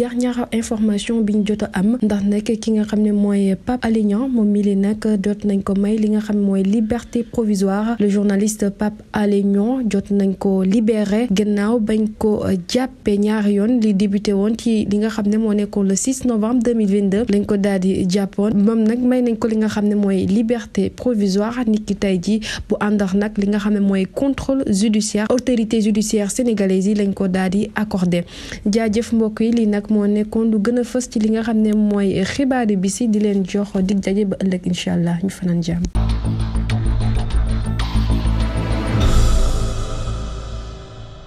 dernière information biñ ñu am ndax nek ki nga xamné moy Pape alignan mom mi li nag dot nañ ko may li nga xamné moy liberté provisoire le journaliste Pape alignan jot nañ ko libéré gennaw bañ ko jappé ñaar yoon li débuté won ci li nga xamné mo le 6 novembre 2022 lañ ko deux di mom nak may nañ ko li nga xamné moy liberté provisoire niki tay ji bu andax nak li nga xamné moy contrôle judiciaire autorité judiciaire sénégalaise yi lañ ko daal accordé jaajëf mbokk yi li moo nekkoon lu gën a fës ci li nga xam ne mooy xibaari bi si di leen joxo di daje ba ëllëg incha allah ñu fanaan jàmm.